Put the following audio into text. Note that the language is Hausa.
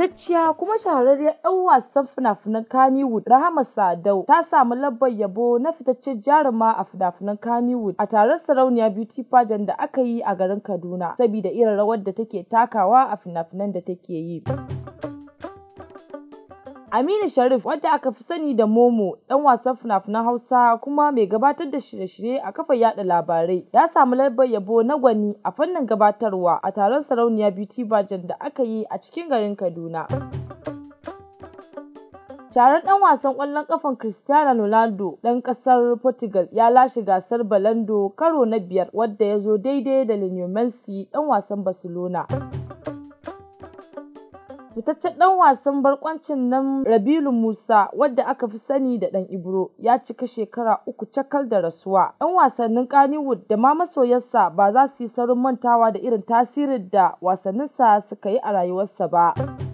fitacciya kuma shahararriyar 'yan wasan fina-finan Kannywood Rahama Sadau ta samu labbar yabo na fitaccen jaruma a fina-finan Kannywood a taron sarauniya Beauty Pageant da aka yi a garin Kaduna saboda irin rawar da take takawa a fina-finan da take yi. Aminu Sharif wadda aka fi sani da Momo ɗan wasan fina-finan Hausa kuma mai gabatar da shirye-shirye a kafar yaɗa labarai ya samu lambar yabo na gwani a fannin gabatarwa a taron Sarauniya Beauty Pageant da aka yi a cikin garin Kaduna. Taron ɗan wasan ƙwallon ƙafan Cristiano Ronaldo ɗan ƙasar Portugal ya lashe gasar Balando karo na biyar wadda ya zo daidai da Lionel Messi ɗan wasan Barcelona. Fitaccen ɗan wasan barkwancin nan Rabilu Musa wadda aka fi sani da ɗan Ibro ya cika shekara uku cakal da rasuwa. ‘Yan wasannin Kannywood da ma masoyansa ba za su yi saurin mantawa da irin tasirin da wasanninsa suka yi a rayuwarsa ba.